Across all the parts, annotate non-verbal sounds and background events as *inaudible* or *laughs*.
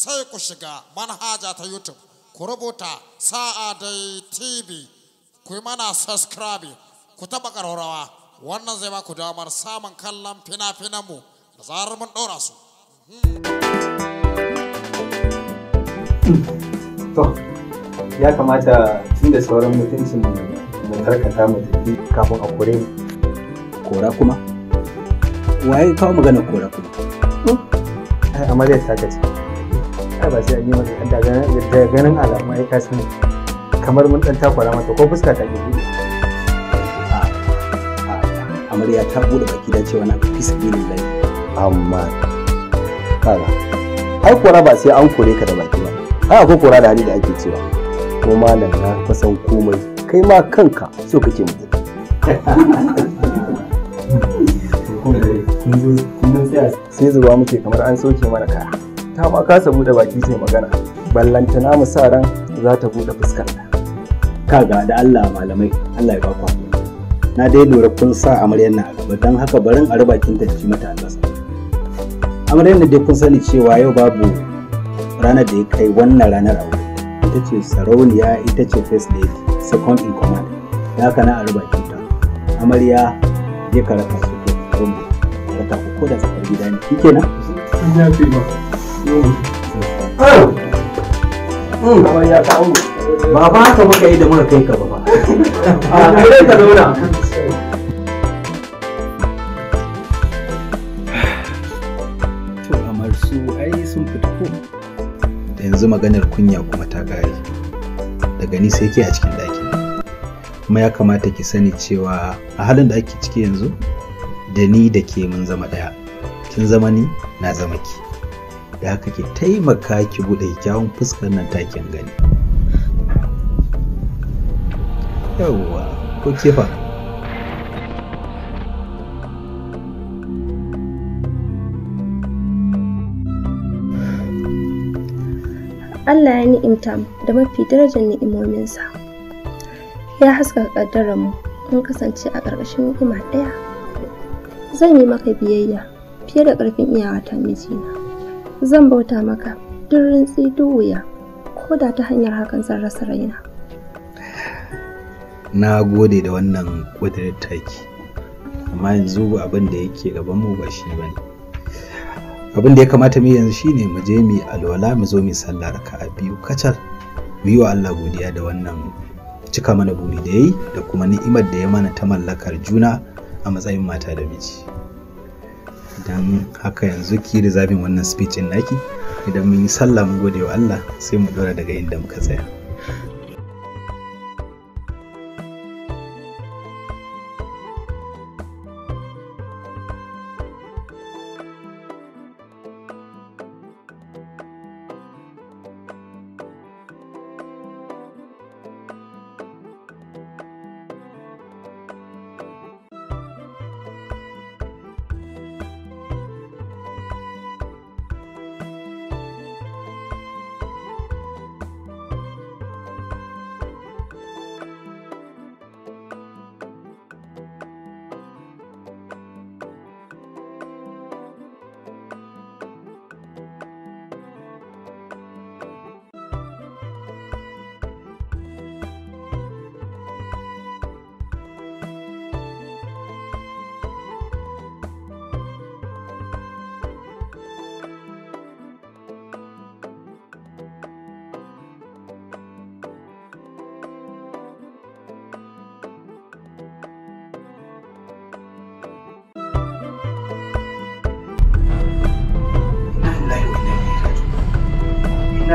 sai ku shiga manhaja ta YouTube, ku rubuta sa'a dai TV, ku yi mana subscribe, ku taɓa ƙararrawa, wannan zai ba ku damar samun kallon fina-finanmu da zarar mun ɗora su. To, ya kamata tun da sauran mutuncin mu karkata mu tafi kafin a kore kora kuma? Waye kawo magana kora kuma? Ai, amarya ta ce. ba sai an yi masa daga ganin alamu ai ka sani kamar mun dan takwara mata ko fuska ta gidi ah, ah, amarya ta bude baki da cewa na fi sabilillahi amma kaga ai kora ba sai an kore ka da baki ba ai akwai kora da hali da ake cewa ko malam na kusan komai kai ma kanka so kake mu *laughs* sai zuwa muke kamar an soke mana kaya ta ma kasa buɗe baki sai magana ballantana mu sa ran za ta buɗe fuskar ta ga da Allah malamai Allah ya baku na dai lura kun sa amaryar na gaba don haka barin a rubakin ta ci mata Allah amaryar da dai kun sani cewa yau babu ranar da ya kai wannan ranar a ita ce sarauniya ita ce first lady second in command da haka na a rubakin ta amarya ya karaka su ko kuma ko da tsakar gida ne kikenan sun ya ba Hmm. ba ba ka yi da kai ka ba ba a kai ka to amar su ai sun fita ko da yanzu maganar kunya kuma ta gari daga ni sai ke a cikin ɗaki kuma ya kamata ki sani cewa a halin da ake ciki yanzu da ni da ke mun zama ɗaya kin zama ni na zama ki da haka ke taimaka ki buɗe kyawun fuskar nan takin gani yawwa ko kifa Allah ya ni'imta mu da mafi darajar ni'imominsa ya haska haskaka mu kun kasance a ƙarƙashin hikima ɗaya zan yi maka biyayya fiye da ƙarfin iyawata mijina zan bauta maka duk rintsi duk wuya ko da ta hanyar hakan zan rasa raina na gode da wannan ƙudurin taki amma yanzu abin da yake gaban mu ba shi bane abin da ya kamata mu yanzu shine mu je mu alwala mu zo mu sallah a biyu kacal mu yi wa Allah godiya da wannan cika mana buri da yayi da kuma ni'imar da ya mana ta mallakar juna a matsayin mata da miji don haka yanzu ki rizabin wannan speech naki idan mun yi sallah mu gode wa Allah sai mu dora daga inda muka tsaya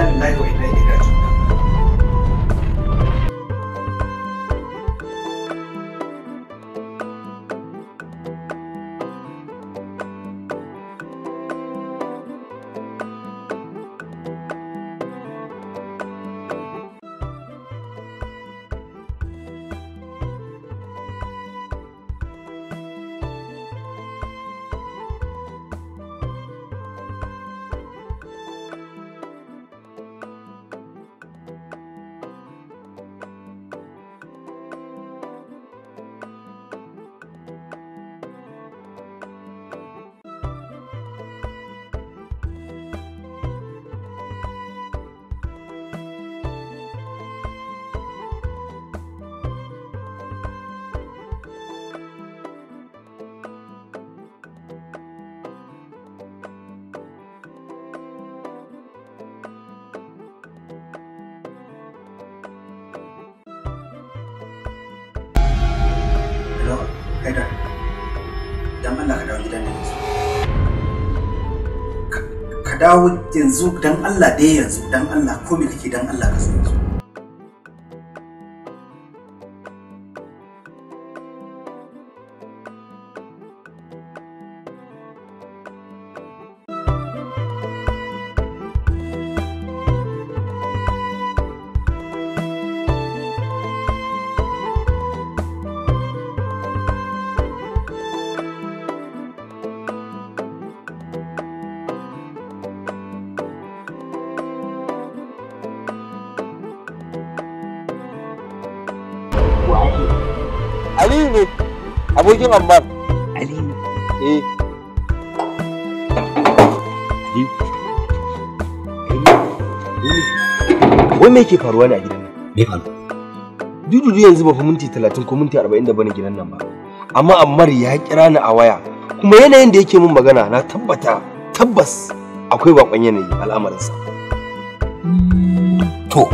inna lillahi wa inna ilaihi dawo yanzu dan Allah dai yanzu dan Allah ko me kake dan Allah ka so Abokin ambar Aliyu. Eh. Aliyu. Wai me yake faruwa ne a gidan nan? Me faru? Dududu yanzu ba fa minti talatin ko minti 40 da bane gidan nan ba. Amma Ammar ya kira ni a waya kuma yanayin da yake min magana na tabbata tabbas akwai bakon yanayi al'amarinsa. To,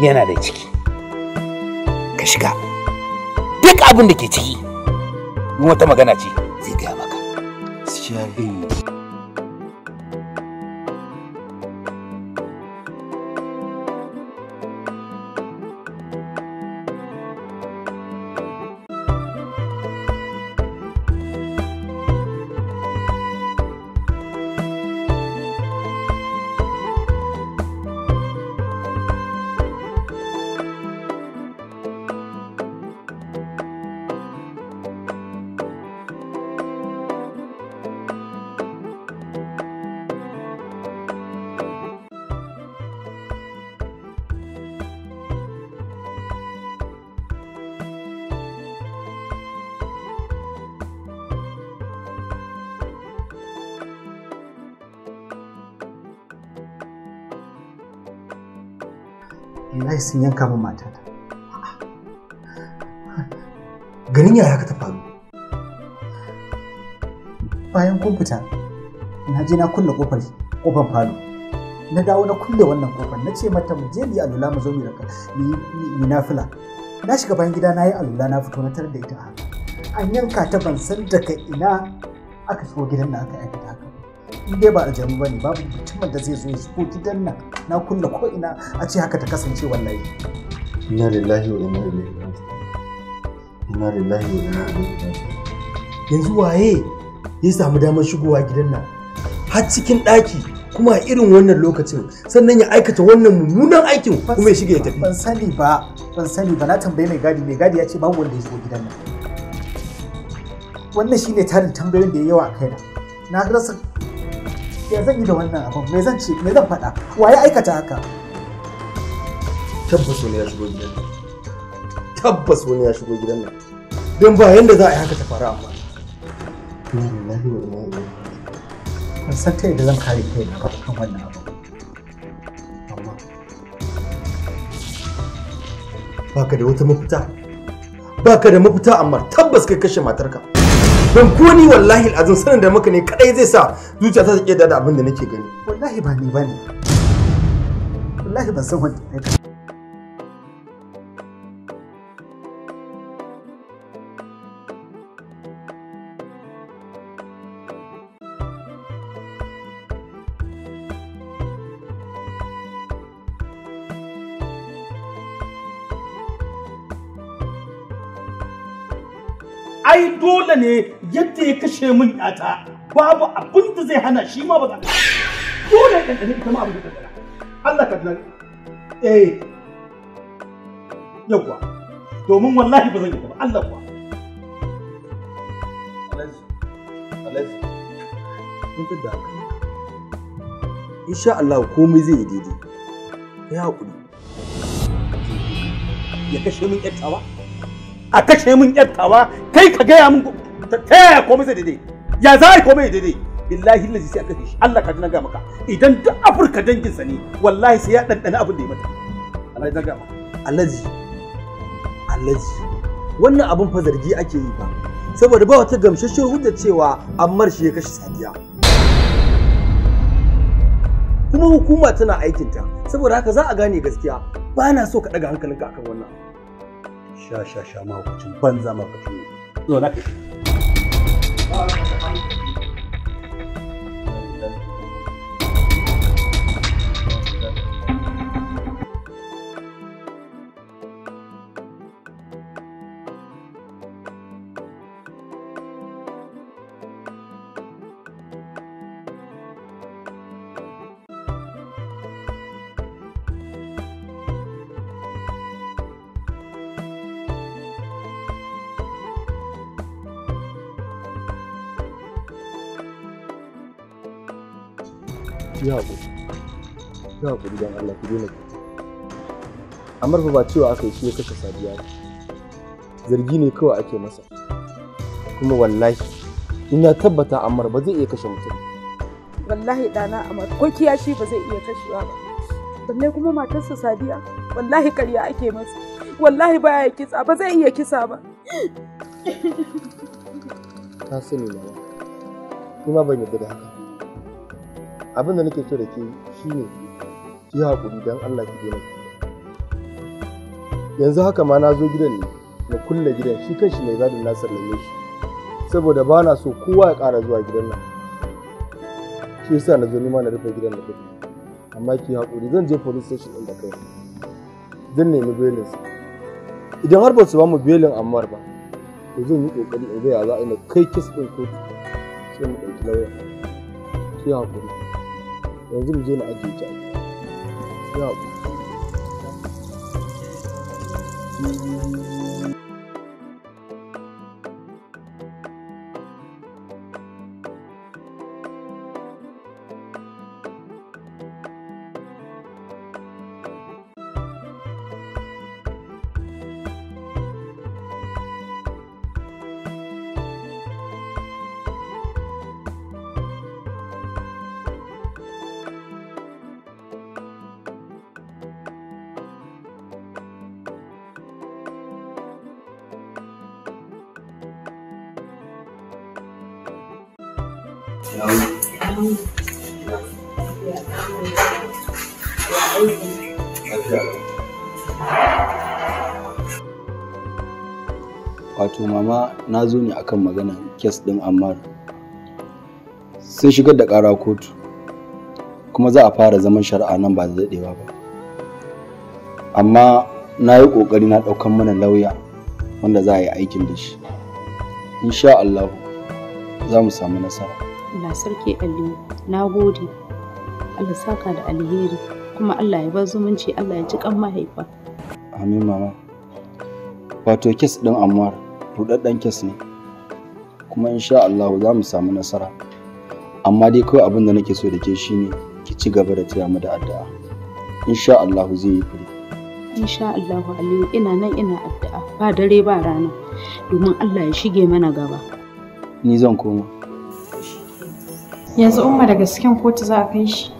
yana da ciki. Ka shiga. duk abin da ke ciki in wata magana ce zai gaya maka wallahi sun yanka min matata ganin yaya haka ta faru bayan kun fita na je na kulle kofar kofar falo na dawo na kulle wannan kofar na ce mata mu je mu yi alula mu zo mu raka mu nafila na shiga bayan gida na yi alula na fito na tarar da ita an yanka ta ban san daga ina aka shigo gidan na aka aikata in dai ba aljanu ba ne babu mutumin da zai zo ya shigo gidan nan na kulle ko ina a ce haka ta kasance wallahi inna lillahi wa inna ilaihi inna lillahi wa inna ilaihi yanzu waye ya samu damar shigowa gidan nan har cikin daki kuma a irin wannan lokacin sannan ya aikata wannan mummunan aikin kuma ya shiga ya tafi ban sani ba ban sani ba na tambayi mai gadi mai gadi ya ce babu wanda ya zo gidan nan wannan shine tarin tambayoyin da ya yawa a kaina na rasa ya zan yi da wannan abin me zan ce me zan faɗa waye aikata haka tabbas wani ya shigo gidan nan tabbas wani ya shigo gidan nan don ba yanda za a yi haka ta faru amma ban san ta yadda zan kare kai na kan wannan abu amma ka da wata mafita baka da mafita amma tabbas kai kashe matarka don ko ni wallahi azum sanin da maka ne kadai zai sa zuciya ta take dada abin da nake gani wallahi ba ni bane wallahi ban san wanda ai dole ne yadda ya kashe min yata babu abin da zai hana shi ma ba za ta dole ya ɗanɗane ita ma abin da ɗanɗana Allah ka tunani eh yawwa domin wallahi ba zan yi ba Allah kuwa Alhaji Alhaji kun da insha Allah komai zai yi daidai ya haƙuri ya kashe min yattawa a kashe min yattawa kai ka gaya min cutar ta yaya komai zai daidai ya za a yi komai daidai billahi lazi sai aka shi Allah ka na ga maka idan duk Afirka dangin sa ne wallahi sai ya dandana abin da ya mata Allah ya ga maka alaji alaji wannan abin fa zargi ake yi ba saboda ba wata gamsasshiyar hujjar cewa ammar shi ya kashe sadiya kuma hukuma tana aikinta saboda haka za a gane gaskiya ba na so ka daga hankalinka akan wannan sha sha sha mahaukacin banza mahaukacin zo na kai Oh, you. ki haƙuri don Allah ki daina kyauta Amar fa ba cewa aka yi shi ya kaka Sadiya ba zargi ne kawai ake masa kuma wallahi ina tabbata Amar ba zai iya kashe mutum wallahi ɗana Amar ko kiyashi ba zai iya kashewa ba balle kuma matarsa Sadiya wallahi ƙarya ake masa wallahi baya kitsa ba zai iya kisa ba ta sani mama ni kuma ban yadda da haka abin da nake so da ke shi shine ki haƙuri don Allah ki ki yanzu haka ma na zo gidan ne na kulle gidan shi kanshi mai gadin na sallame shi saboda ba na so kowa ya ƙara zuwa gidan nan shi yasa na zo nima na rufe gidan da kuɗi amma ki haƙuri zan je police station ɗin da kai zan nemi belin sa idan har ba su ba mu belin ammar ba to zan yi ƙoƙari in gaya ya za a yi na kai kis ɗin kotu sai mu ɗauki lauya ki haƙuri yanzu mu je na ajiye ta Yep. Wato mama na zo ne akan magana kes ɗin Ammar. Sun shigar da ƙara kotu, kuma za a fara zaman shari'a nan ba da daɗewa ba. Amma na yi ƙoƙari na ɗaukan mana lauya wanda za a yi aikin da shi. Insha Allah za mu samu nasara. Allah sarki Aliyu na gode Allah saka da alheri kuma Allah ya bar zumunci Allah ya ji kan mahaifa amin mama wato kes din Ammar rudaddan kes ne kuma insha Allah za mu samu nasara amma dai kawai abin da nake so da ke shine ki ci gaba da taya mu da addu'a insha Allah zai yi kuri insha Allah Aliyu ina nan ina addu'a ba dare ba rana domin Allah ya shige mana gaba ni zan koma Yanzu Umma da gasken kotu za a kai shi.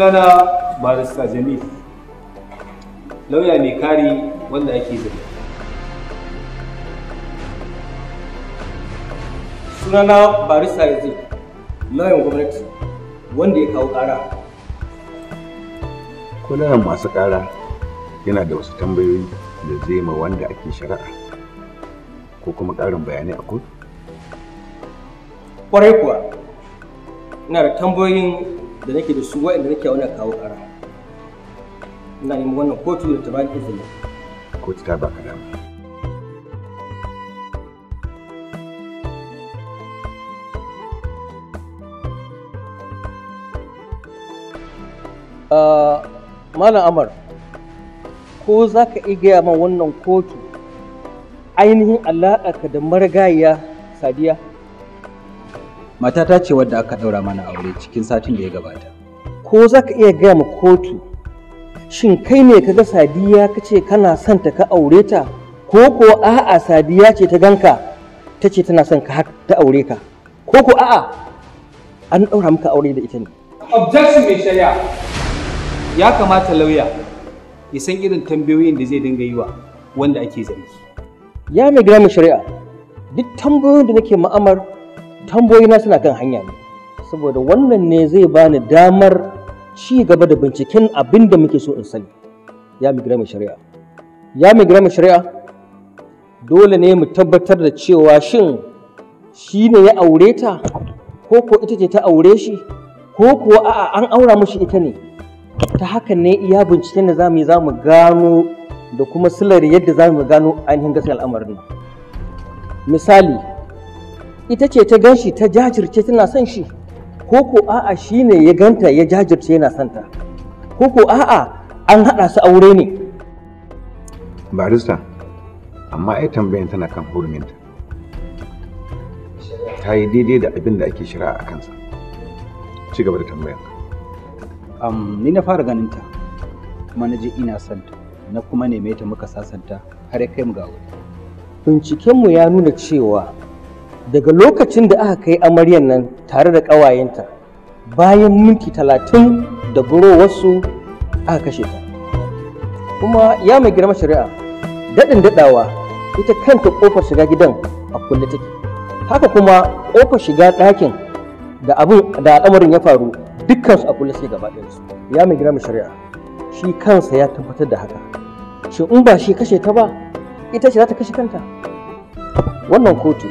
sunana barista jamil lauya mai kari wanda ake zai sunana barista yazid lauyan gwamnati wanda ya kawo kara kulayen masu kara yana da wasu tambayoyi da zai ma wanda ake shari'a ko kuma ƙarin bayanai a kotu? kwarai kuwa ina da tambayoyin da nake da su wa'anda nake wani kawo ƙara ina neman wannan kotu da ta bani izini kotu ta baka dama Uh, Malam Amar, ko za ka iya gaya man wannan kotu ainihin alaƙa da marigayya sadiya? matata ce wadda aka ɗaura mana aure cikin satin da ya gabata ko za ka iya gaya ma kotu shin kai ne ka ga sadiya ka ce kana son ta ka aure ta ko ko a'a sadiya ce ta ganka ta ce tana son ka ta aure ka ko ko a'a an ɗaura maka aure da ita ne objection mai shari'a ya kamata lauya ya san irin tambayoyin da zai dinga yi wa wanda ake zargi ya mai mai shari'a duk tambayoyin da nake ma'amar tamboyina suna kan hanya ne saboda wannan ne zai bani damar ci gaba da binciken abin da muke so in sani ya migira mai shari'a ya migira mai shari'a dole ne mu tabbatar da cewa shin shi ne ya aure ta ko ko ita ce ta aure shi ko kuwa a'a an aura mushi ita ne ta haka ne iya binciken da zamu yi zamu gano da kuma silar yadda za mu gano ainihin gaskiyar al'amarin misali ita ce ta gan shi ta jajirce tana son shi ko ko a'a shi ne ya ganta ya jajirce yana son ta ko ko a'a an haɗa su aure ne barista amma ai tambayan tana kan huruminta ta yi daidai da abin da ake shira a kansa ci gaba da tambayan um, ni na fara ganin ta kuma na ji ina son ta na kuma neme ta muka sasanta har ya kai mu ga wuri bincikenmu ya nuna cewa daga lokacin da aka kai amaryan nan tare da ƙawayenta bayan minti talatin da burowarsu aka kashe ta kuma ya mai girma shari'a daɗin daɗawa ita kanta ƙofar shiga gidan a kulle take haka kuma ƙofar shiga ɗakin da abin da al'amarin ya faru dukkansu a kulle suke gaba ɗayansu ya mai girma shari'a shi kansa ya tabbatar da haka shin in ba shi kashe ta ba ita ce za ta kashe kanta wannan kotu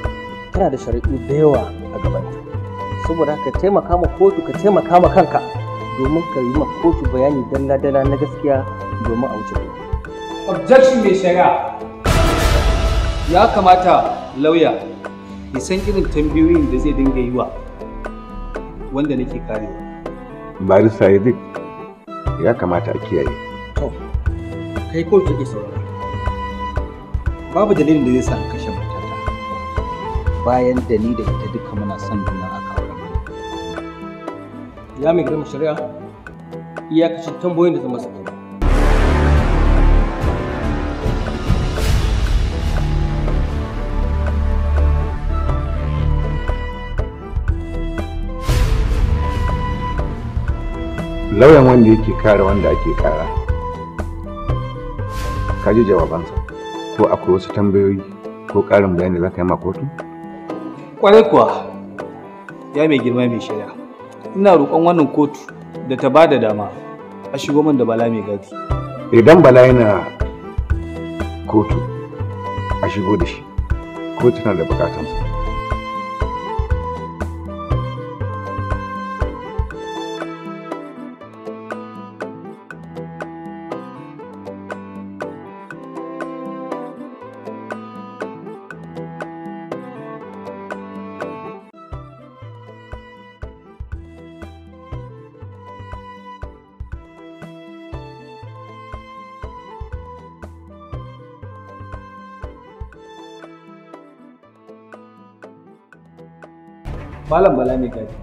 tana da shari'u da yawa a gabanta saboda ka taimaka ma kotu ka taimaka ma kanka domin ka yi ma kotu bayani dalla-dalla na gaskiya domin a wuce objection mai shari'a ya kamata lauya ya san irin tambayoyin da zai dinga yi wa wanda nake karewa Bari yadda ya kamata a kiyaye kai kotu ke saurara babu dalilin da zai sa kai bayan da ni da ita duka muna son juna aka aure mu ya mai girma shari'a iyakacin tambayoyin da zama su kenan lauyan wanda yake kare wanda ake kara ka ji jawabansa ko akwai wasu tambayoyi ko ƙarin bayani da za ka yi ma kotu? Kwarai kuwa, ya mai girma mai shari'a, ina roƙon wannan kotu da ta ba da dama a shigo min da bala mai gadi. Idan bala yana kotu, a shigo da shi, kotu na da bukatansa. Malam Bala mai gari.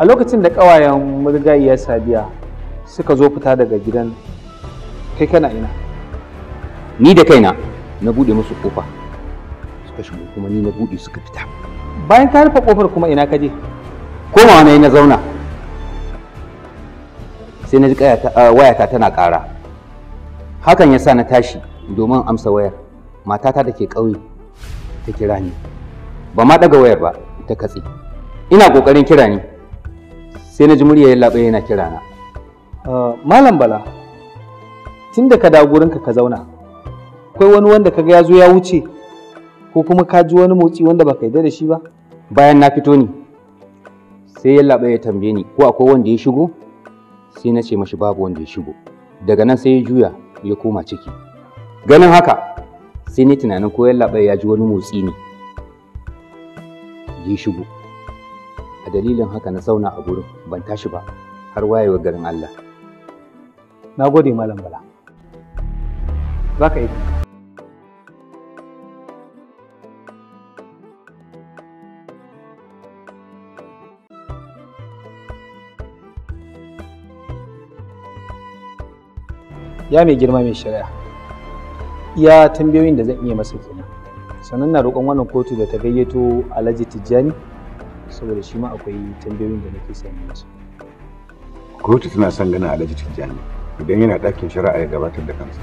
A lokacin da ƙawayen murgayiya Sadiya suka zo fita daga gidan kai kana ina? Ni da kaina na buɗe musu ƙofa suka shigo kuma ni na buɗe suka fita. Bayan ka rufe ƙofar kuma ina ka je? Komawa na yi na zauna. Sai na ji ah, wayata tana ƙara. Hakan ya sa na tashi domin amsa wayar. Matata da ke ƙauye ta kira ni. ba ma daga wayar ba ta katse ina kokarin kira ni sai na ji murya yalla yana kira na ah, malam bala tun da ka dawo gurinka ka zauna akwai wani wanda kaga ya zo ya wuce ko kuma ka ji wani motsi wanda baka yarda da shi ba bayan na fito ni sai yalla ya tambaye ni ko akwai wanda ya shigo sai na ce mashi babu wanda ya shigo daga nan sai ya juya ya koma ciki ganin haka sai ni tunanin ko yalla ya ji wani motsi ne yi shigo a dalilin haka na zauna a gurin ban tashi ba har wayewar garin Allah na gode malam bala za ka yi ya mai girma mai shari'a iya tambayoyin da zan iya masa kenan sannan na roƙon wannan kotu da ta gayyato alhaji tijjani saboda shi ma akwai tambayoyin da nake sani masa kotu tana son ganin alhaji tijjani idan yana ɗakin shari'a ya gabatar da kansa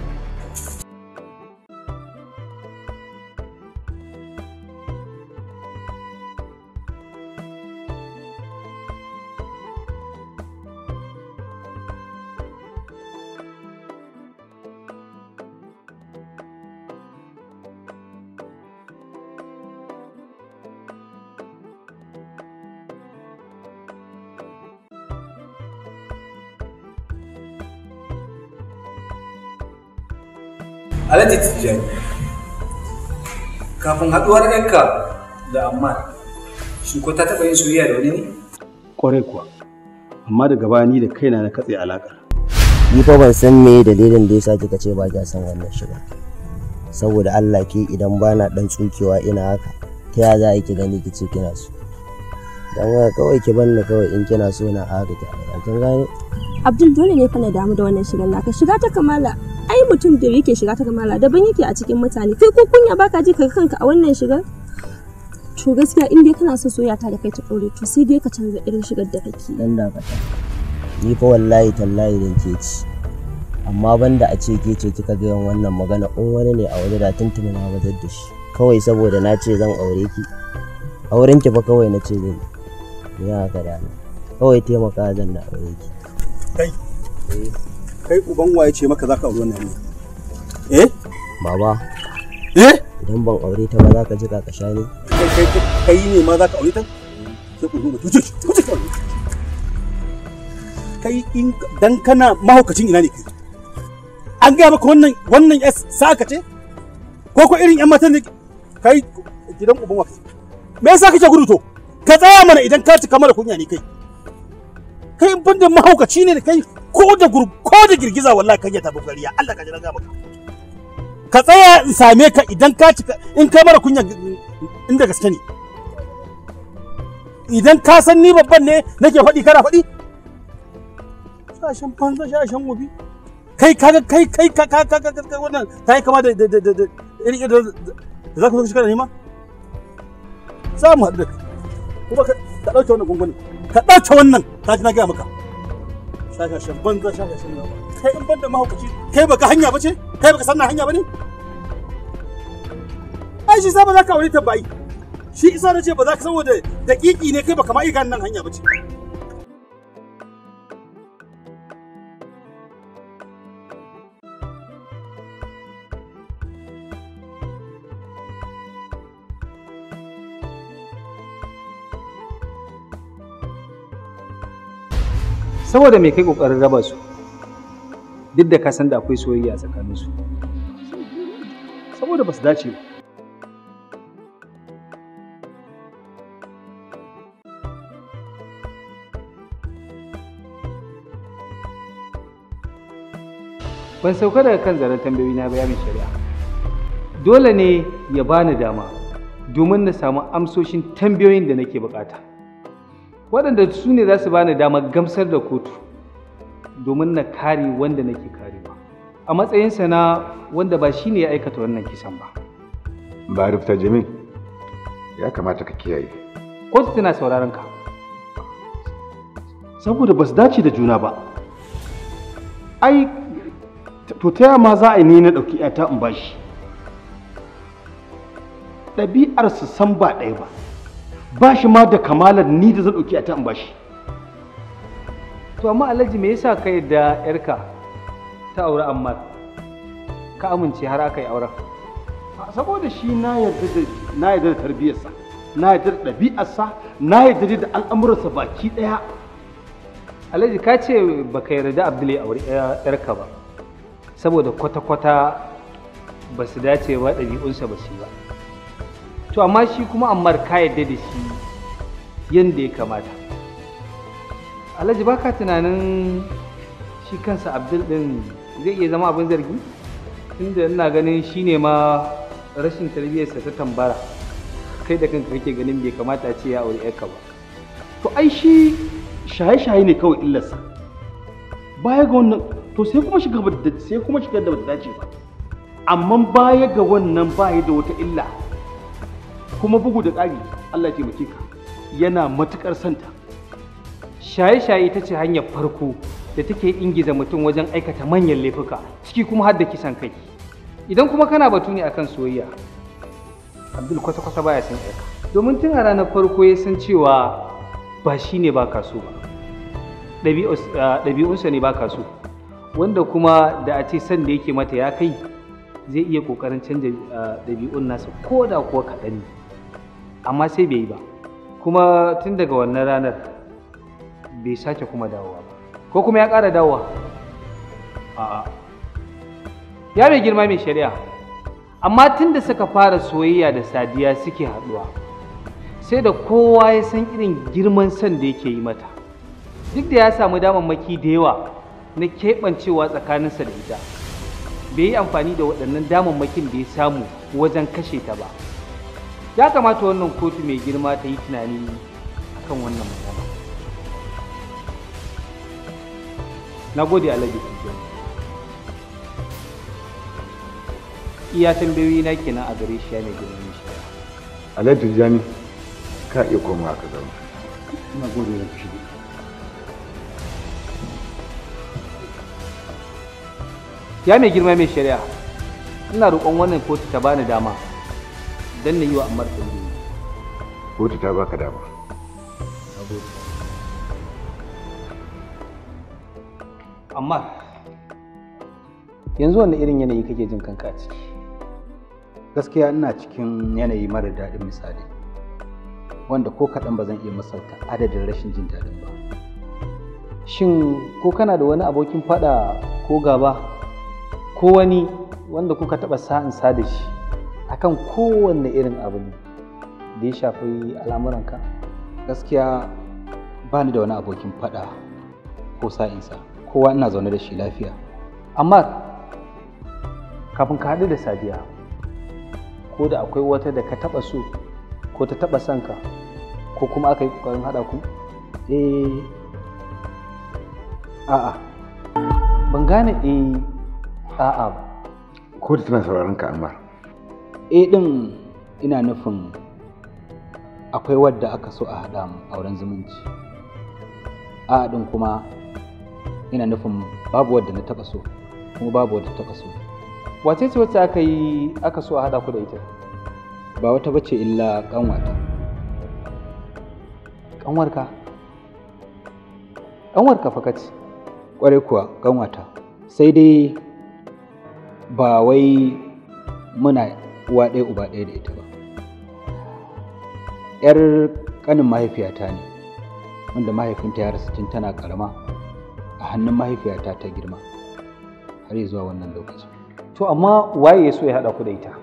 Alhaji Tijjani, kafin haɗuwar ɗanka da amma shi ko ta taɓa yin soyayya da wani ne? Ƙwarai kuwa, amma daga baya ni da kaina na katse alaƙa. Ni fa ban san me dalilin da yasa kika ce ba kya san wannan shiga. Saboda Allah ke idan ba na ɗan tsukewa ina haka, ta ya za a ki gani ki ce kina so. Dan haka kawai ki banni kawai in kina so na haka ki a kin gane. Abdul dole ne fa na damu da wannan shigar naka, shiga ta kamala. ai mutum da yake shiga ta kamala daban yake a cikin mutane kai ko kunya baka ji ka kanka a wannan shigar to gaskiya in dai kana son soyayya ta da kai ta dore to sai dai ka canza irin shigar da kake dan da fata ni fa wallahi tallahi dan ke ci amma banda a ce ke ce kika ga yan wannan magana in wani ne a waje da tuntuna na bazar da shi kawai saboda na ce zan aure ki auren ki fa kawai na ce zan ya ka da kawai taimaka zan na aure ki kai eh kai uban waye ce maka zaka aure wannan yarinya eh baba eh idan ban aure ta ba za ka ji ka ne kai kai ne ma za ka aure ta sai ku zo da tuce tuce kai in dan kana mahaukacin ina ne kai an gaya maka wannan wannan yas saka ce ko ko irin yan matan ne kai gidan uban waka. me yasa kake gudu to ka tsaya mana idan ka tuka mara kunya ne kai kai banda mahaukaci ne da kai ko da gur ko da girgiza wallahi kan ya tafi gariya Allah ka ji ga maka ka tsaya in same ka idan ka cika in kai mara kunya inda gaske ne idan ka san ni babban ne nake faɗi kana faɗi shashen banza shashen gobi kai kaga kai kai ka ka ka ka wannan ta kama da da da da da da za ka zo shi kana nima samu mu haɗu kuma ka ɗauke wannan gungunin ka ɗauke wannan ta na gaya maka shagashen banza shagashen na kai in ban da mahaukaci kai baka hanya ba ce kai baka sanna hanya ba ne ai shi sa ba za ka wuri tabbai shi isa na ce ba za ka saboda daƙiƙi ne kai baka ma iya nan hanya ba ce saboda me kai kokarin raba su duk da ka san da akwai soyayya tsakanin su saboda ba su dace ba ban sauka daga kan zaren tambayoyi na bayanin shari'a dole ne ya bani dama domin na samu amsoshin tambayoyin da nake bukata. waɗanda su ne za su bani damar gamsar da kotu domin na kare wanda nake karewa a matsayinsa na wanda ba shi ne ya aikata wannan kisan ba ba rufta Jami ya kamata ka kiyaye kotu tana sauraron ka saboda ba su dace da juna ba ai to ta ma za a yi ne na ɗauki 'yata in bashi ɗabi'ar su san ba ɗaya ba ba shi ma da kamalar ni da zan ɗauki a ta in ba shi to amma alhaji me yasa kai da yarka ta aure ammar ka amince har aka yi auren saboda shi na yarda da na yarda da tarbiyarsa na yarda da ɗabi'arsa na yarda da al'amuransa baki ɗaya alhaji ka ce ba ka yarda abdul ya aure yarka ba saboda kwata-kwata ba su dace ba ɗabi'unsa ba su yi ba to amma shi kuma ammar ka yadda da shi yadda ya kamata alhaji ba ka tunanin shi kansa abdul din zai iya zama abin zargi inda ina ganin shi ne ma rashin tarbiyyarsa ta tambara kai da kanka kake ganin bai kamata a ce ya aure yarka ba to ai shi shaye-shaye ne kawai illarsa baya ga wannan to sai kuma shiga da sai kuma da dace ba amma baya ga wannan baya da wata illa kuma bugu da ƙari Allah ya taimake ka yana matuƙar santa shaye-shaye ita ce hanyar farko da take ingiza mutum wajen aikata manyan laifuka ciki kuma har da kisan kai idan kuma kana batu ne akan soyayya abdul kwata-kwata baya son yarka domin tun a ranar farko ya san cewa ba shi ne ba ka so ba ah, ɗabi'unsa ne ba ka so wanda kuma da a ce san da yake mata ya kai zai iya ƙoƙarin canja ah, ɗabi'un nasa ko da kuwa kaɗan ne amma sai bai yi ba kuma tun daga wannan ranar bai sake kuma dawowa ba ko kuma ya ƙara dawowa a'a ya mai girma mai shari'a amma tun da suka fara soyayya da sadiya suke haɗuwa sai da kowa ya san irin girman son da yake yi mata duk da ya samu damammaki da yawa na keɓancewa tsakaninsa da ita bai yi amfani da waɗannan damammakin da ya samu wajen kashe ta ba ya kamata wannan kotu mai girma ta yi tunani kan wannan matsala na gode alhaji tijjani iya tambayoyi na kenan a gare shi ya mai girma shi alhaji Jami, ka iya komawa ka zama na gode da shi ya mai girma mai shari'a ina roƙon wannan kotu ta bani dama dan na yi wa Ammar tambayoyi. Kotu ta baka dama. Ammar, yanzu wani irin yanayi kake jin kanka ciki? Gaskiya ina cikin yanayi mara daɗin misali, wanda ko kaɗan ba zan iya misalta adadin rashin jin daɗin ba. Shin ko kana da wani abokin faɗa ko gaba ko wani wanda kuka taɓa sa'in sa da shi akan kowanne irin abu ne da ya shafi al'amuranka gaskiya ba ni da wani abokin faɗa ko sa'insa kowa ina zaune da shi lafiya amma kafin ka haɗu da sadiya ko da akwai wata da ka taɓa so ko ta taɓa son ka ko kuma aka yi ƙoƙarin haɗa ku eh a'a ban gane eh a'a ko da tana sauraron ka amma a eh ɗin ina nufin akwai wadda aka so a haɗa auren zumunci a ɗin kuma ina nufin babu wadda na taɓa so kuma babu wadda taɓa so wace ce wacce aka yi aka so a haɗa ku da ita ba wata bace illa ƙanwata ƙanwarka ƙanwarka fa ƙwarai kuwa ƙanwata sai dai ba wai muna uwa ɗaya uba ɗaya da ita ba yar ƙanin mahaifiyata ne wanda mahaifinta ya rasu tun tana ƙarama a hannun mahaifiyata ta girma har zuwa wannan lokaci to amma waye ya so ya haɗa ku da ita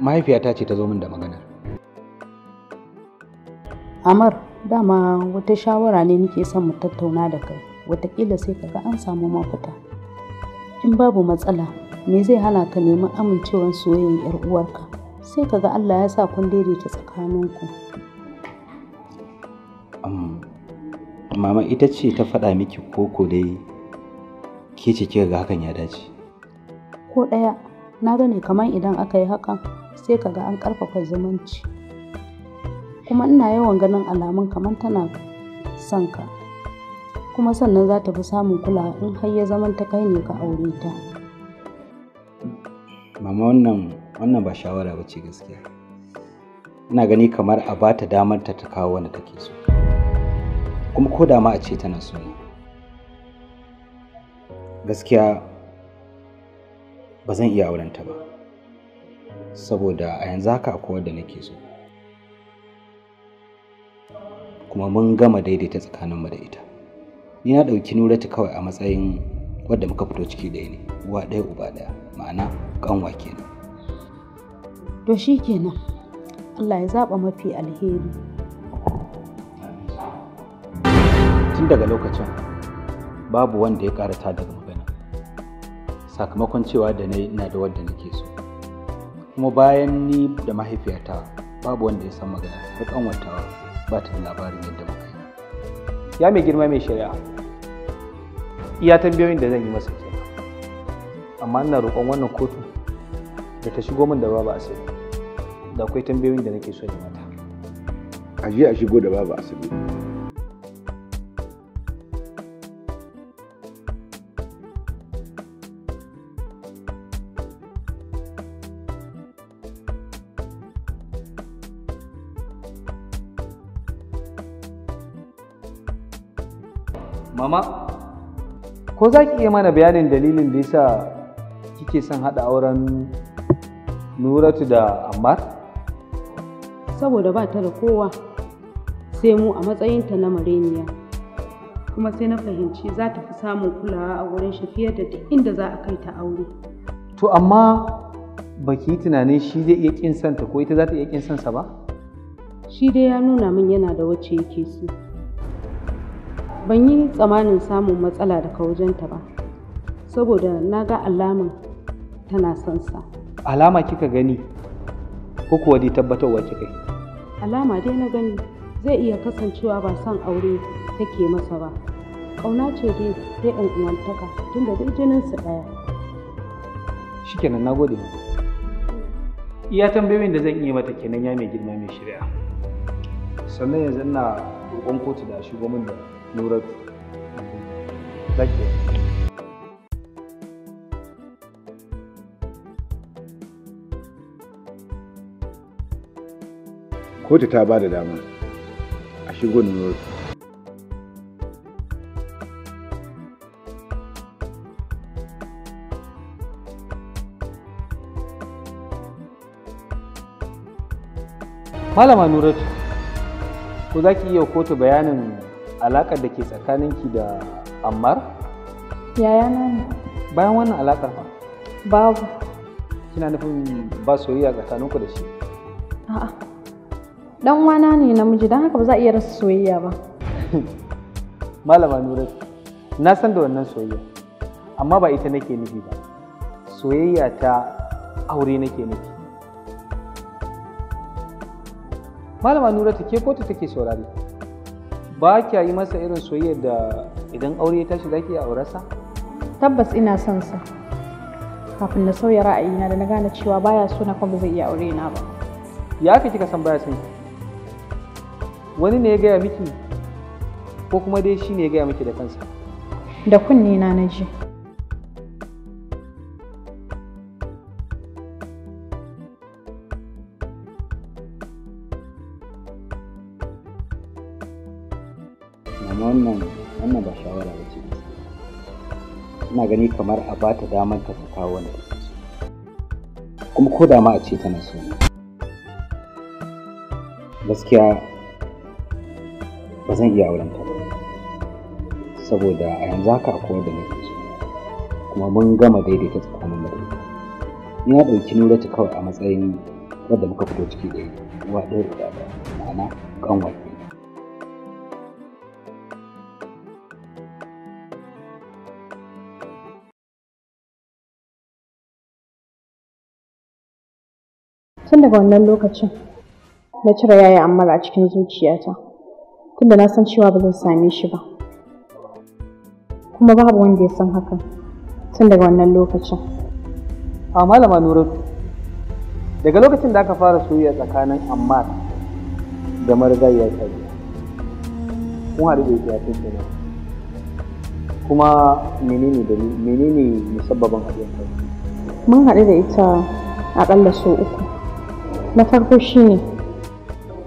mahaifiyata ce ta zo min da maganar amar dama wata shawara ne nake son mu tattauna da kai watakila sai kaga an samu mafita in babu matsala me zai hana ka nemi amincewar soyayyar 'yar uwarka sai ka ga Allah ya sa kun daidaita tsakaninku mama ita ce ta faɗa miki koko dai ke ce kika ga hakan ya dace ko ɗaya na gane kamar idan aka yi hakan sai ka ga an ƙarfafa zumunci kuma ina yawan ganin alamun kamar tana son ka kuma sannan za ta fi samun kulawa in har ya zaman ta kai ne ka aure ta. mama wannan wannan ba shawara ba ce gaskiya ina gani kamar a ba ta damar ta kawo wanda take so kuma ko da ma a ce tana so ne gaskiya ba zan iya auren ta ba saboda a yanzu haka akwai wanda nake so kuma mun gama daidaita tsakaninmu da ita ni na ɗauki nuratu kawai a matsayin wadda muka fito ciki ɗaya ne uwa ɗaya uba ɗaya ma'ana kanwa kenan to shi kenan allah ya zaɓa mafi alheri tun daga lokacin babu wanda ya karata daga magana sakamakon cewa da na ina da wadda nake so kuma bayan ni da mahaifiyata babu wanda ya san magana har kanwatawa ba ta da labarin yadda muka yi ya mai girma mai shari'a iya tambayoyin da zan yi masa kenan amma ina roƙon wannan kotu da ta shigo min da babu asiri da akwai tambayoyin da nake so yi mata a a shigo da babu asiri ko za ki iya mana bayanin dalilin da yasa kike son haɗa auren nuratu da ammar saboda ba ta da kowa sai mu a matsayinta na mareniya kuma sai na fahimci za ta fi samun kulawa a wurin shi fiye da duk inda za a kai ta aure to amma ba ki yi tunanin shi zai iya kin santa ko ita za ta iya kin sansa ba shi dai ya nuna min yana da wacce yake so ban yi tsamanin samun matsala daga wajenta ba saboda na ga alaman tana son sa alama kika gani ko kuwa dai tabbatarwa kika yi alama dai na gani zai iya kasancewa ba son aure take masa ba ƙauna ce dai ta yan uwantaka tunda dai jinin su ɗaya shikenan na gode iya tambayoyin da zan iya mata kenan ya mai girma mai shari'a sannan yanzu ina roƙon kotu da shugaban da Nurat. Thank you. Kotu ta ba da dama a shigo da Nurat. Malama Nurat, ko za ki iya kotu bayanin alaƙar da ke tsakaninki da ammar? yaya na ne bayan wannan alakar ba babu kina nufin ba soyayya tsakaninku da shi a'a dan wana ne namiji don haka ba za a iya rasa soyayya ba *laughs* malama nura na san da wannan soyayya amma ba ita nake nufi ba soyayya ta aure nake nufi malama nurat ke ko ta take saurari ba kya yi masa irin soyayyar da idan aure ya tashi zaki a aurarsa? Tabbas ina son sa. Kafin na sauya ra'ayina da na gane cewa baya so na kuma zai iya aure na ba. Ya ka kika san baya son Wani ne ya gaya miki ko kuma dai shi ne ya gaya miki da kansa? Da kunne na na ji. gani kamar a bata damar ta kawo wani kuma ko da ma a ce tana so gaskiya ba zan iya auren ta saboda a yanzu haka akwai da nake so kuma mun gama daidaita tsakanin ni ina ɗauki ta kawai a matsayin wadda muka fito ciki da uwa ɗaya da ma'ana kanwai tun daga wannan lokacin na cire yayi amma a cikin zuciyata tunda na san cewa ba zan same shi ba kuma babu wanda ya san hakan tun daga wannan lokacin a malama nura daga lokacin da aka fara soyayya tsakanin ammar da marigayi ya kai kun haɗu da ita fi kai kuma menene dalili menene musabbabin haɗin kai mun haɗu da ita aƙalla so uku na farko shine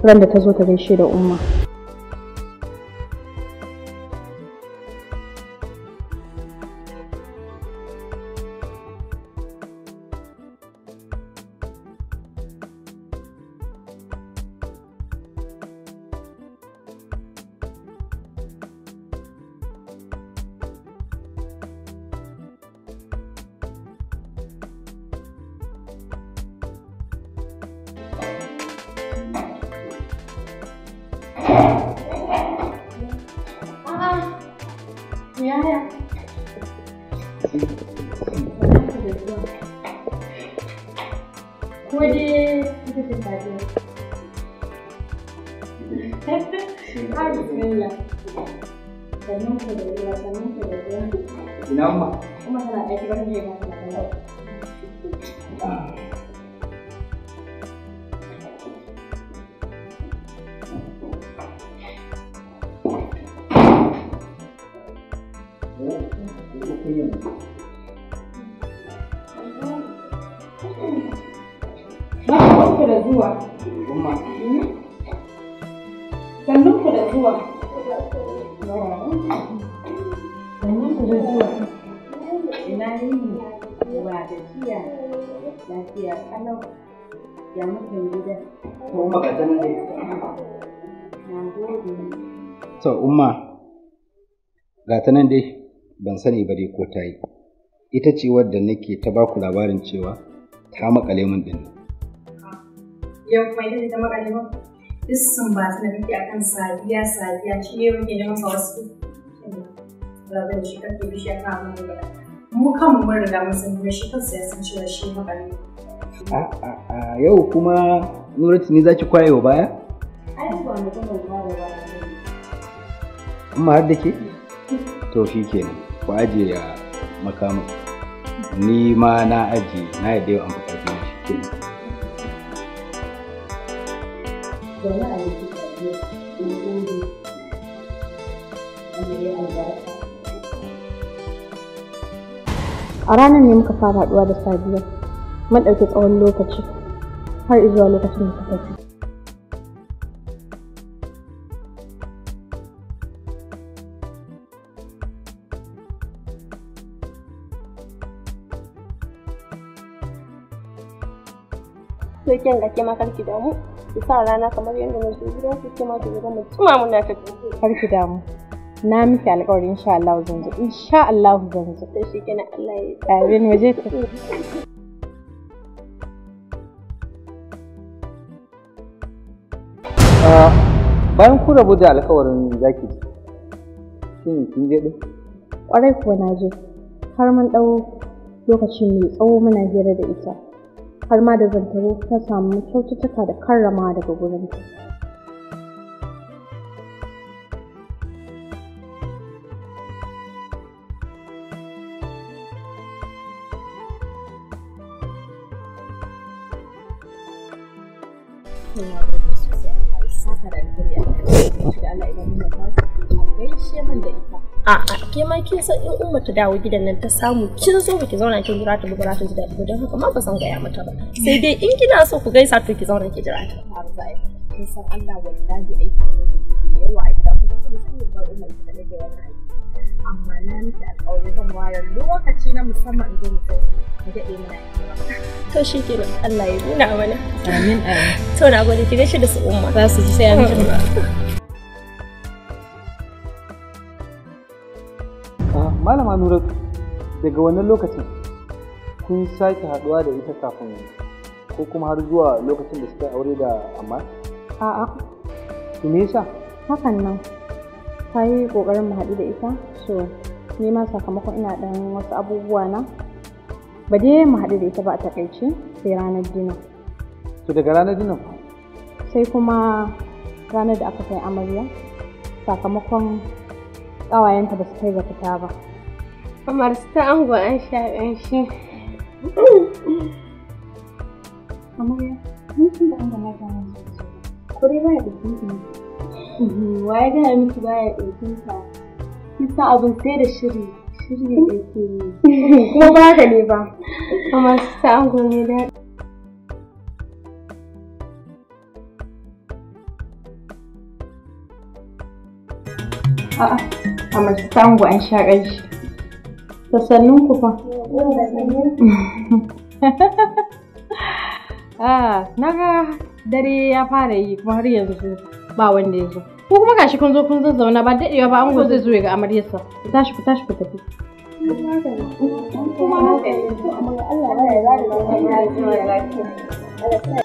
ran da ta zo ta gaishe da umma ya gajiya ya mutum gida umma ga ta nan dai ban sani ba dai ko ta yi ita ce wadda nake ta baku labarin cewa ta makale min din yau kuma ita ta makale ba? ba ta nake akan sadiya sadiya shi ne wasu mu kanmu mun riga mun san shi kan ya san cewa shi magana a yau kuma nuratu za ki kwaye wa baya ai ba mu ga mu ba amma har da ke to shi kenan ku ajiye ya makamin ni ma na ajiye na yadda yau an fi ƙarfi shi kenan a ranar ne muka fara haduwa da sabiya mun ɗauki tsawon lokaci har izuwa lokacin da ta tafi Sokin da ke makar ki damu ki sa rana kamar yadda na zo gida su ke ma ki zo mu na muna tafi har ki damu na miki alƙawari insha Allah zan zo insha Allah zan zo shi shikenan Allah ya tsare ni waje ta ah, bayan ku rabu da alƙawarin zaki shin kin je din kwarai kuwa na je har mun dau lokaci mai tsawo muna hira da ita har ma da zantaro ta samu kyaututtuka da karrama daga gurin kan yaro da a ita a ke ma kin san in umma ta dawo gidan nan ta samu kin zo ki zauna kin jira ta bugura ta ji daɗi don haka ma ba san gaya mata ba sai dai in kina so ku gaisa to ki zauna ki jira ta har zai kin san Allah wallahi aiki ne yawa a gida kuma kin san ba umma ta da wannan amma na miki alƙawari zan ware lokaci na musamman in zo mu kai to shi ke Allah ya nuna mana amin amin to na gode ki gaishe da su umma za su ji sai an jima ah, malama nura daga wannan lokacin kun sake haduwa da ita kafin ko kuma har zuwa lokacin da suka aure da amma a'a to me yasa hakan nan ta yi kokarin mu haɗu da ita so ni ma sakamakon ina ɗan wasu abubuwa na ba je mu haɗu da ita ba a takaice sai ranar dinar. to daga ranar dinar? sai kuma ranar da aka kai amarya sakamakon ƙawayenta ba su kai ga fita ba kamar su ta ango an sha shi amarya mutum da an gama gana sosai kure ba ya ɗauki ne waye gaya miki ba ya ɗauki ta kisa abin sai da shiri a masu tango an sha fa. *laughs* Ah, na ga dare ya fara yi kuma har yanzu ba wanda ya zo. ko kuma gashi kun zo kun zazzauna ba daɗewa ba an ango zai zo ya ga amaryarsa ku tashi ku tashi ku tafi kuma Allah ya ba da lafiya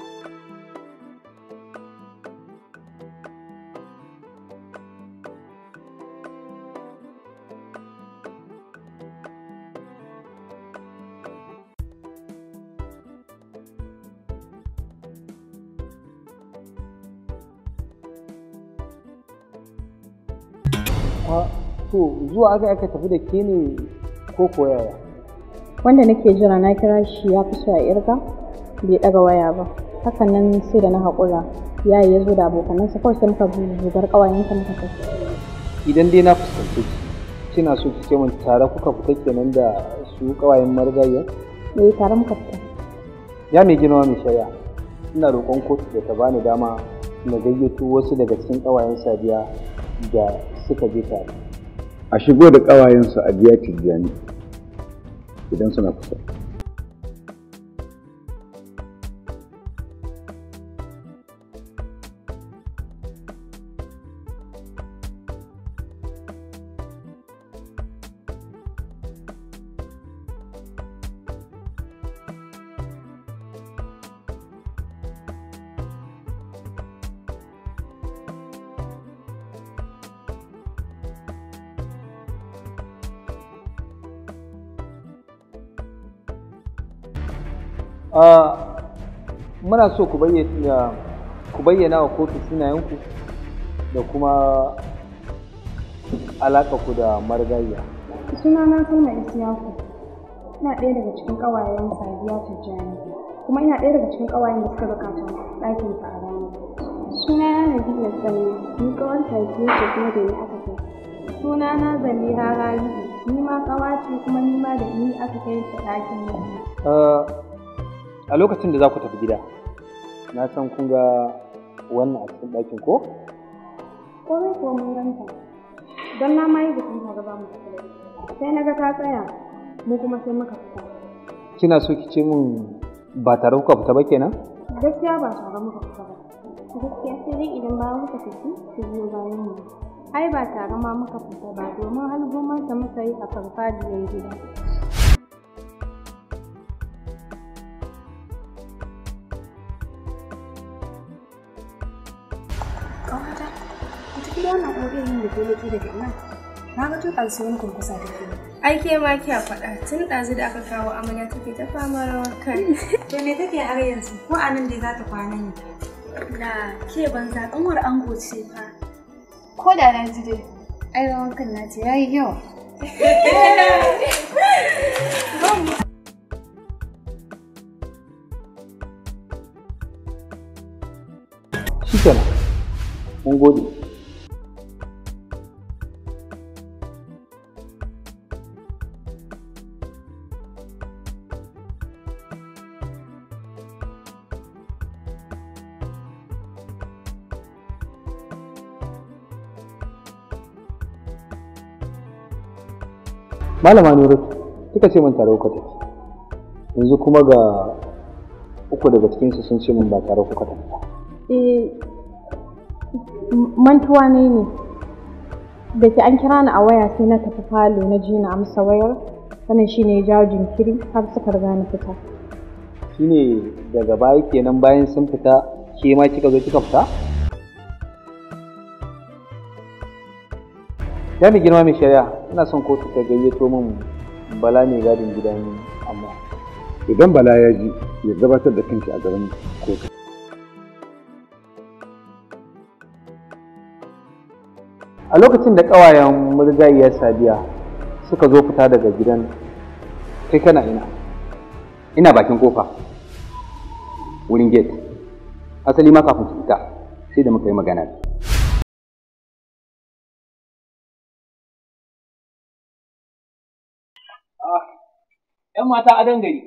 to zuwa aka aka tafi da ke ne ko koyaya wanda nake jira na kira shi ya fi so a irga bai ɗaga waya ba hakan nan sai da na haƙura ya yi zo da abokanansa kawai sai muka zubar ƙawayensa muka kai. idan dai na fuskanci kina so ki ce min tare kuka fita kenan da su ƙawayen marigayya me eh, tare muka fita ya mai ginawa mai shaya? ina roƙon kotu da ta bani dama na gayyato wasu daga cikin ƙawayen sadiya da suka je tare a shigo da ƙawayensu a biya tijjani idan suna kusa so ku bayyana ku bayyana wa kotu sunayenku da kuma alaƙa ku da marigayya. Suna na Salma Isiyaku. Ina ɗaya daga cikin ƙawayen Sadiya Tijjani. Kuma ina ɗaya daga cikin ƙawayen da suka buƙata ɗakin sa a rana. Suna na Nabiya tsaye ni ƙawar Sadiya ce kuma da ni aka kai. Suna na Zalira Rabi, ni ma ƙawa ce kuma ni ma da ni aka kai ta ɗakin mu. Uh, a lokacin da za ku tafi gida, na san kun ga wannan a cikin ɗakin ko? Kwarai kuwa mun ganta. Don na ma yi jikin ka gaba mu sai na ga ka tsaya mu kuma sai muka fita. Kina so ki ce min ba tare kuka fita ba kenan? Gaskiya ba tare muka fita ba. Gaskiya sai dai idan ba muka fita sai biyo bayan mu. Ai ba tare ma muka fita ba domin har goma ta muka yi a farfajiyar gida. garin da ke nake daga ina na ga tukan su wani kurkusa da ke ai ke ma a faɗa tun ɗazu da aka kawo amarya take ta fama rawar kai *laughs* to me take har yanzu ko a nan dai za ta kwana ne na ke banza ƙanwar ango ce fa ko da na ji dai ai rawar kan na ce yayi yawa Shi kenan, mun gode. malama nurut kika ce min tare kuka tafi yanzu kuma ga uku daga cikinsu sun ce min ba tare kuka tafi ba eh mantuwa ne ne da ke an kira ni a waya sai na tafi falo na ji na amsa wayar wannan shine ya jawo jinkiri har suka riga ni fita shine daga baya kenan bayan sun fita ke ma kika zo kika fita ya mi girma mai shari'a ina son kotu ta gayyato min bala mai gadin gida ne amma idan bala ya ji ya gabatar da kanki a gaban kotu a lokacin da ƙawayen murgayiyar sadiya suka zo fita daga gidan kai kana ina ina bakin kofa wurin gate asali ma kafin su fita sai da muka yi magana Ah, ‘Yan mata a dangare,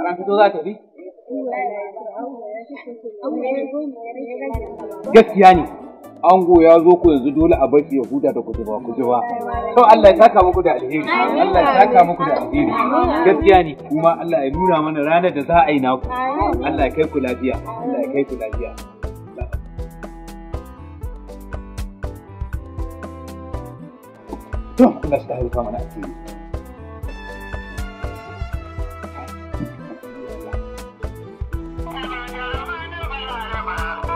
a ran fito za ta fi? Gaskiya ne, ango ya zo ku yanzu dole a baki Yahuda da kujewa kujewa. To Allah ya saka muku da alheri, Allah ya saka muku da alheri. Gaskiya ne, kuma Allah ya nuna mana ranar da za a yi naku. Allah ya kai ku lafiya, Allah ya kai ku lafiya. To, Allah ta haifa mana cikin.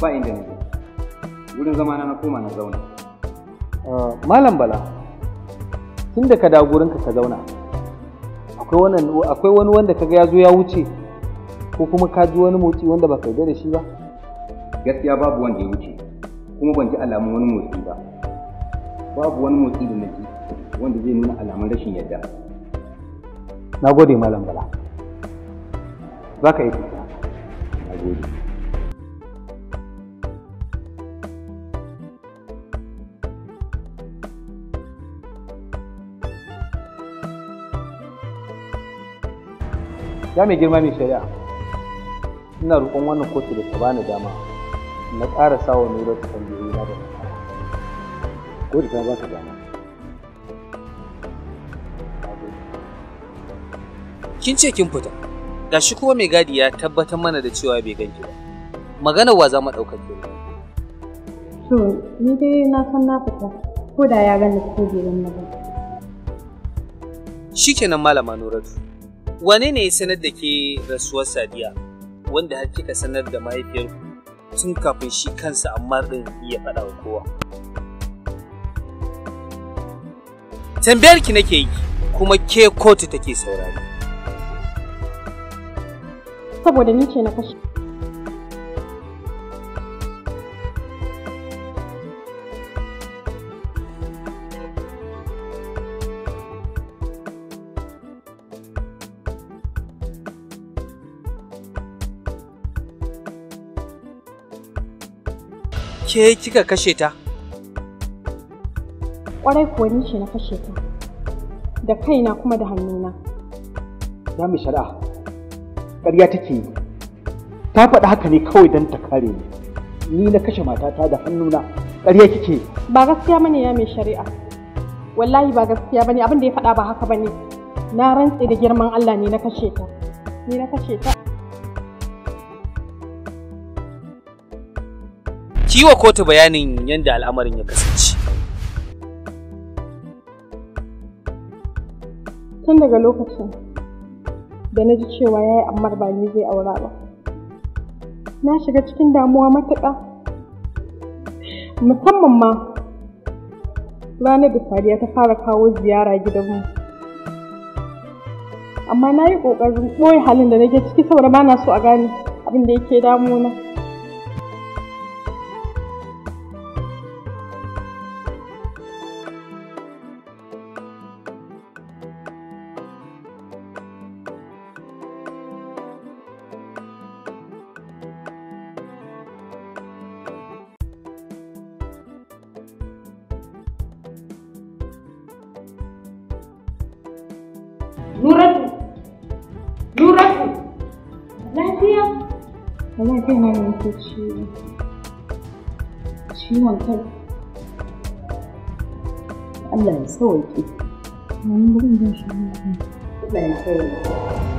ba inda ne wurin zamana na koma na zauna ah, malam bala tun da ka dawo gurin ka zauna akwai wani wanda kaga ya zo ya wuce ko kuma ka ji wani motsi wanda ba ka yarda da shi ba gaskiya babu wanda ya wuce kuma ban ji alamun wani motsi ba babu wani motsi da nake wanda zai nuna alamun rashin yarda na gode malam bala za ka yi tafiya nagode ya mai girma mai shari'a ina roƙon wannan kotu da ta bani dama na ƙara sawa mai rasa tambayoyi na da kotu ta ba ta dama kin ce kin fita gashi kuma mai gadi ya tabbatar mana da cewa bai ganki ba magana wa za mu ɗaukar ki to ni dai na san na fita ko da ya gani ko bai ba shikenan malama Nuratu Wane ne sanar da ke rasuwar Sadiya wanda har kika sanar da mahaifiyar tun kafin shi kansa amma din ya faɗa wa kowa? Tambayar ki nake yi kuma ke kotu take saurari. Saboda ni ce na kashe. ke kika kashe ta? Ƙwarai kuwa ni ce na kashe ta, da kaina kuma da hannuna. Ya mu shari'a, ƙarya take yi, ta faɗi haka ne kawai don ta kare ni. Ni na kashe matata da hannuna, ƙarya kike. Ba gaskiya bane ya mai shari'a, wallahi ba gaskiya bane abin da ya faɗa ba haka bane. Na rantse da girman Allah ne na kashe ta, ni na kashe ta. ki yi wa kotu bayanin yadda al'amarin ya kasance tun daga lokacin da na ji cewa ya yi ammar ba ni zai aura ba na shiga cikin damuwa matuƙa musamman ma ranar da sadiya ta fara kawo ziyara gidanmu amma na yi ƙoƙarin ɓoye halin da na nake ciki saboda ba na so a gane abin da yake damuna. sauƙi. Wani bugun shi ne. Kuɗin kai.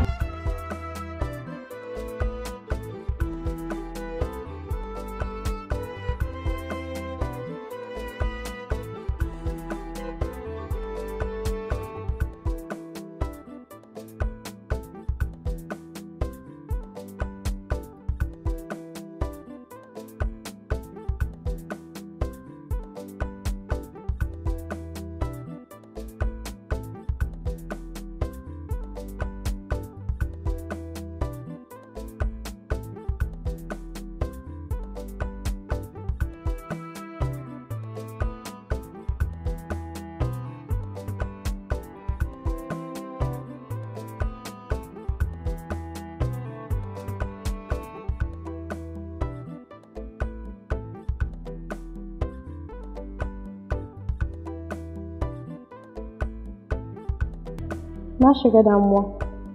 shiga damuwa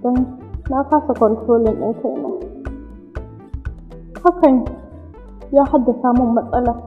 don na kasa kontrolin ɗin kaina hakan ya haddasa min matsala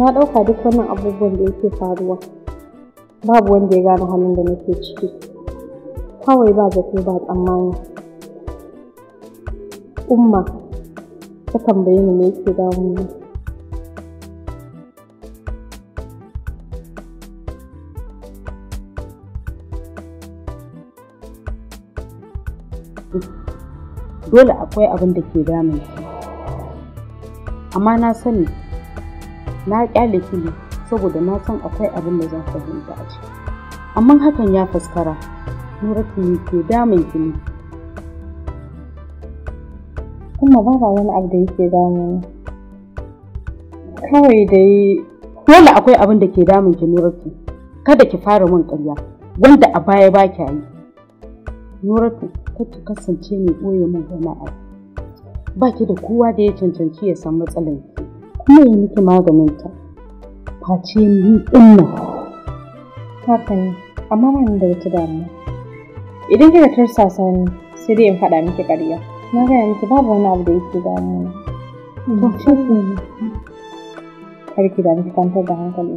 na ɗauka duk wannan abubuwan da yake faruwa babu wanda ya gane halin da nake ciki kawai ba zato ba tsammani umma ta tambaye ni me yake ne. dole akwai abin da ke damun amma na sani na kyale kili saboda na san akwai abin da zan fahimta a ciki amma hakan ya faskara nuratu ne ke damun kili kuma ba wani abu da yake damu kawai dai dole akwai abin da ke damun ki nuratu kada ki fara min karya, wanda a baya ba ki yi nuratu kar ki kasance mai ɓoye mun wani abu ba ki da kowa da ya cancanci ya san matsalar ki kuma yi miki maganin ta face ni din nan haka ne amma ba ni da wata damuwa idan kika tursasa sani, sai dai in faɗa miki ƙarya na gaya miki babu wani abu da yake damuwa to shi ne da miki kwantar da hankali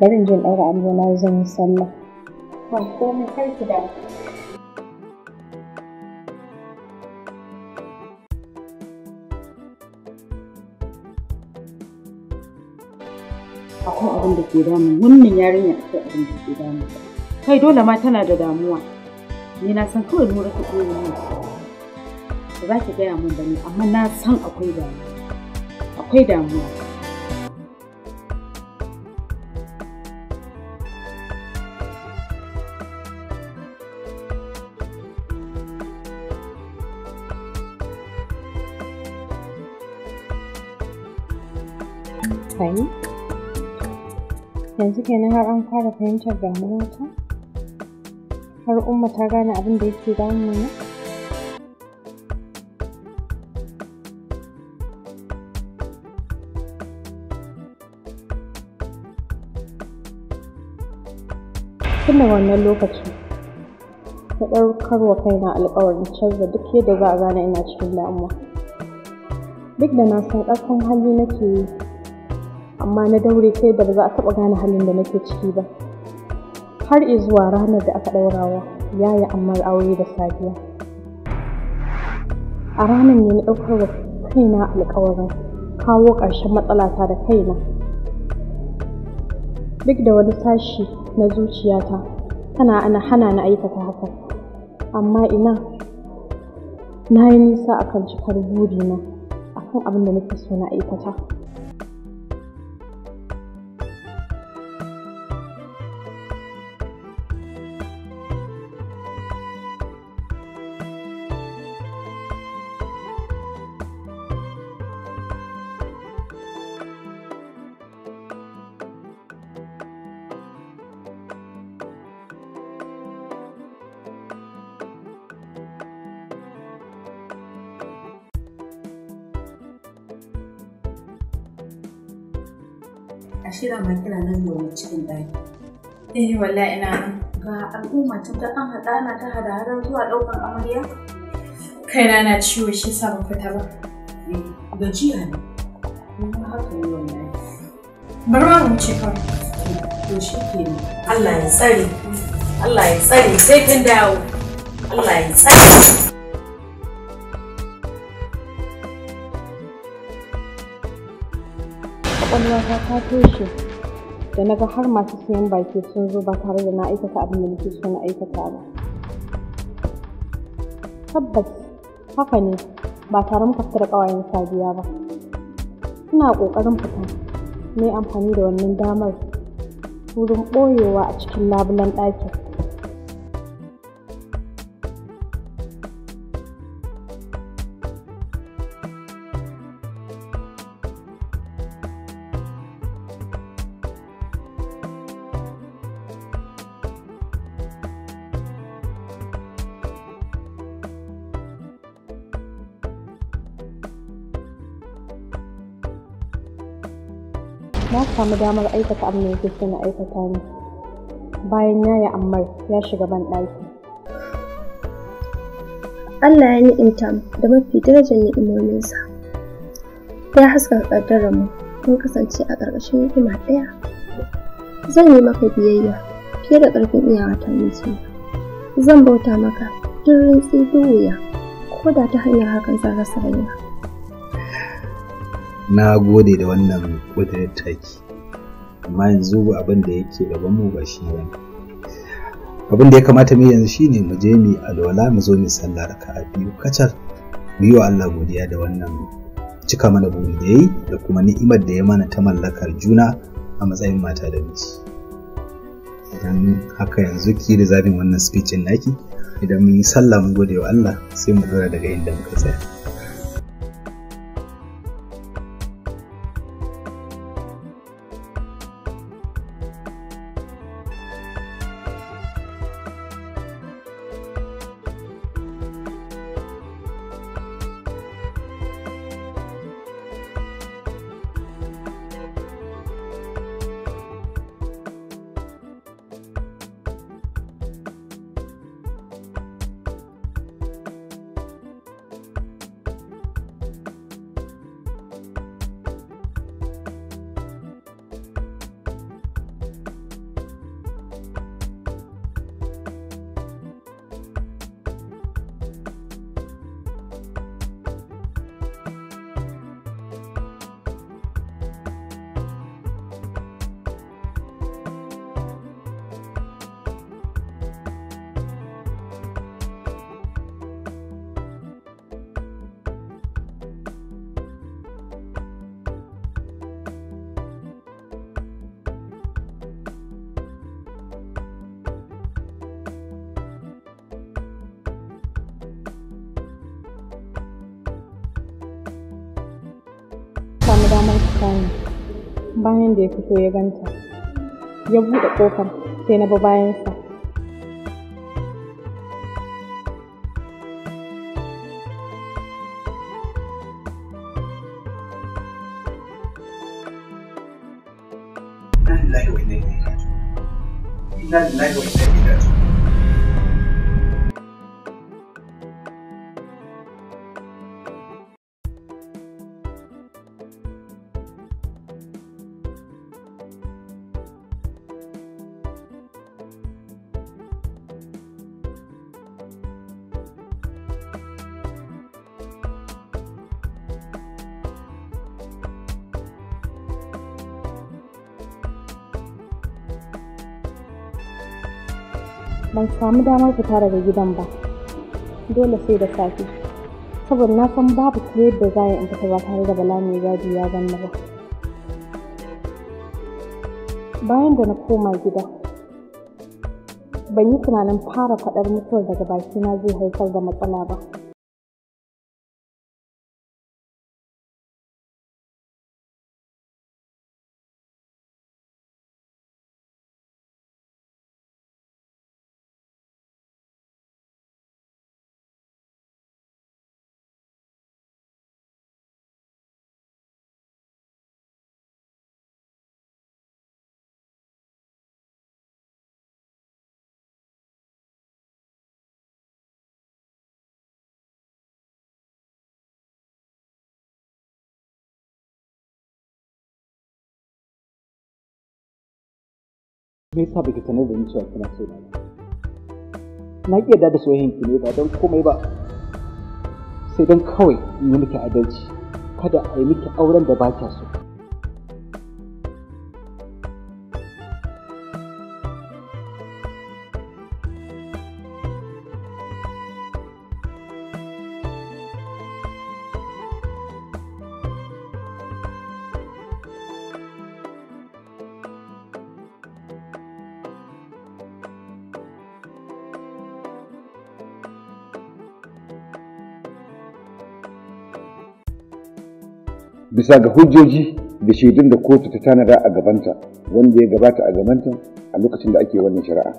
bari in je in ɗaura abu na zan yi sallah ba komai karki ki da abin da ke damun wannan yarinya akwai abin da ke damun kai dole ma tana da damuwa ni na san kawai nura ta koyi ne ba za ki gaya min ba ne amma na san akwai damuwa akwai damuwa yanzu kenan har an fara fahimtar damuwata har umma ta gane abin da yake damuna tunda wannan lokaci na ɗaukar wa kaina alƙawarin canza duk yadda za a gane ina cikin damuwa duk da na san ƙarfin hali nake yi amma na daure sai da ba za a taɓa gane halin da nake ciki ba har zuwa ranar da aka ɗaurawa yi amma aure da safiya a ranar ne na ɗaukar wa kaina alƙawarin kawo ƙarshen matsalata da kaina duk da wani sashi na zuciyata tana ana hana na aikata haka. amma ina na yi nisa akan cikar burina akan abin da nake so na aikata ashe da ma nan da wani cikin ɗaki. Eh wallahi ina Ga al'umma ta ta an haɗa na ta hada-hadar zuwa ɗaukar amarya. Kaina na ciwo shi sa ban fita ba. Eh, gajiya ne. Kuma haka ne wannan. Bari ma mu ce To shi ke Allah ya tsare. Allah ya tsare sai kin dawo. Allah ya tsare. ƙwaƙwalwata ta toshe da na ga har masu siyan baki sun zo ba tare da na aikata abin da nake so na aikata ba tabbas haka ne ba tare muka fita da ƙawayen sabiya ba ina ƙoƙarin fita na amfani da wannan damar wurin ɓoyewa a cikin labulen ɗakin samu damar aikata abin da yake na aikata ne bayan ya yi ammar ya shiga ban ɗaki Allah ya ni'imta mu da mafi darajar ni'imominsa ya haska ƙaddarar mu in kasance a ƙarƙashin hukuma ɗaya zan yi maka biyayya fiye da ƙarfin iyawa ta miji zan bauta maka duk rintsi duk wuya ko da ta hanyar hakan zan rasa rayuwa. na gode da wannan ƙudurin taki amma yanzu abin da yake gaban mu ba shi ne abin da ya kamata mu yanzu shine mu je mu alwala mu zo mu sallar raka'a biyu kacar mu yi wa Allah godiya da wannan cika mana buri da yayi da kuma ni'imar da ya mana ta mallakar juna a matsayin mata da miji idan haka yanzu ki da zabin wannan speech naki idan mun yi sallah mun gode wa Allah sai mu dora daga inda muka tsaya fito ya ganta ya buɗe ƙofar sai na bi bayansa Ina lillahi samu damar fita daga gidan ba dole sai da safe saboda na san babu ta da za in fita ba tare da bala mai gadi ya ganna ba bayan da na koma gida ban yi tunanin fara faɗar mutuwar daga bakina zai haifar da matsala ba me yasa baki sanar da ni cewa kina so na ki yarda da soyayyen ki ne ba don komai ba sai dan kawai in yi miki adalci kada a yi miki auren da ba kya so bisa ga hujjoji da shaidun da kotu ta tanada a gabanta wanda ya gabata a gabanta a lokacin da ake wannan shari'a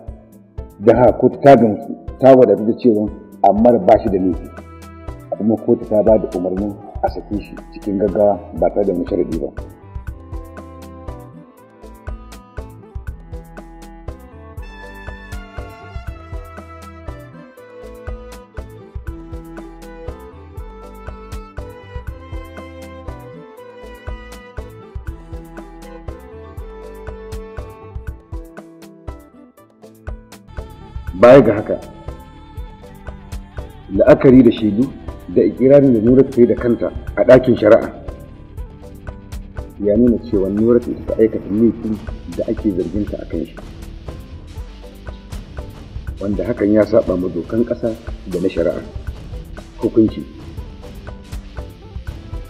da ha kotu ta gamsu ta wadatu da cewa amma ba shi da laifi kuma kotu ta ba da umarnin a sake shi cikin gaggawa ba tare da musharadi ba baya ga haka la'akari da shaidu da ikirarin da nura ta yi da kanta a ɗakin shari'a ya nuna cewa nura ta ta aikata laifin da ake zarginta ta a kan shi wanda hakan ya saba ma dokan ƙasa da na shari'a hukunci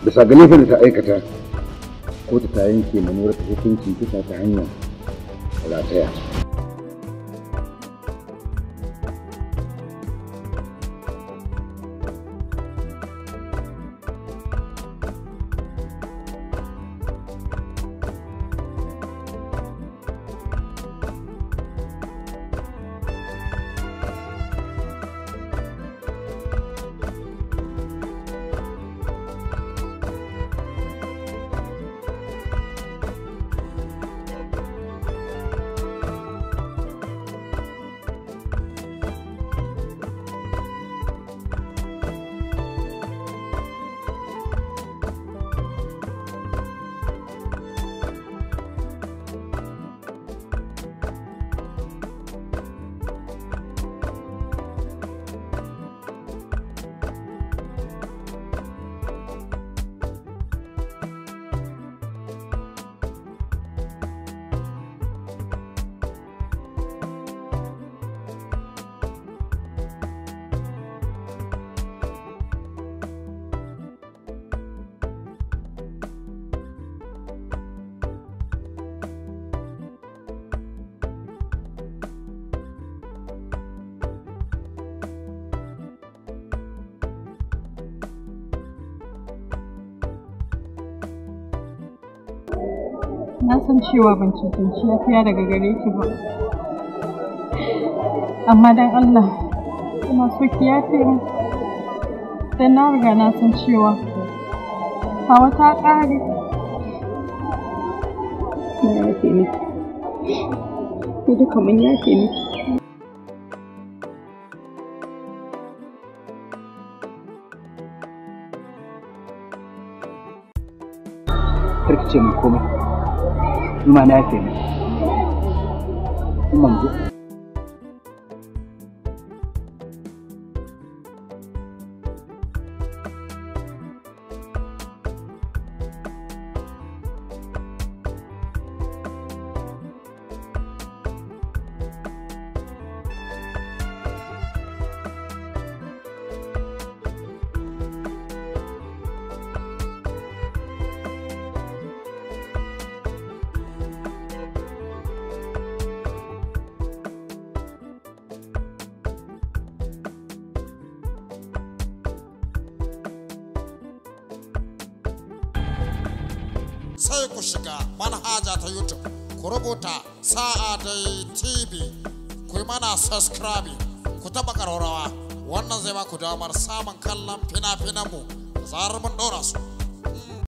bisa ga laifin da ta aikata kotu ta yanke ma nura hukunci kisa ta hanyar rataya na san cewa ban cancanci fiya daga gare ki ba amma don allah ina so ki fi mu na riga na san cewa hawa ta ƙare Ya yafe duka mun ce mu komai Zuma na ya mu.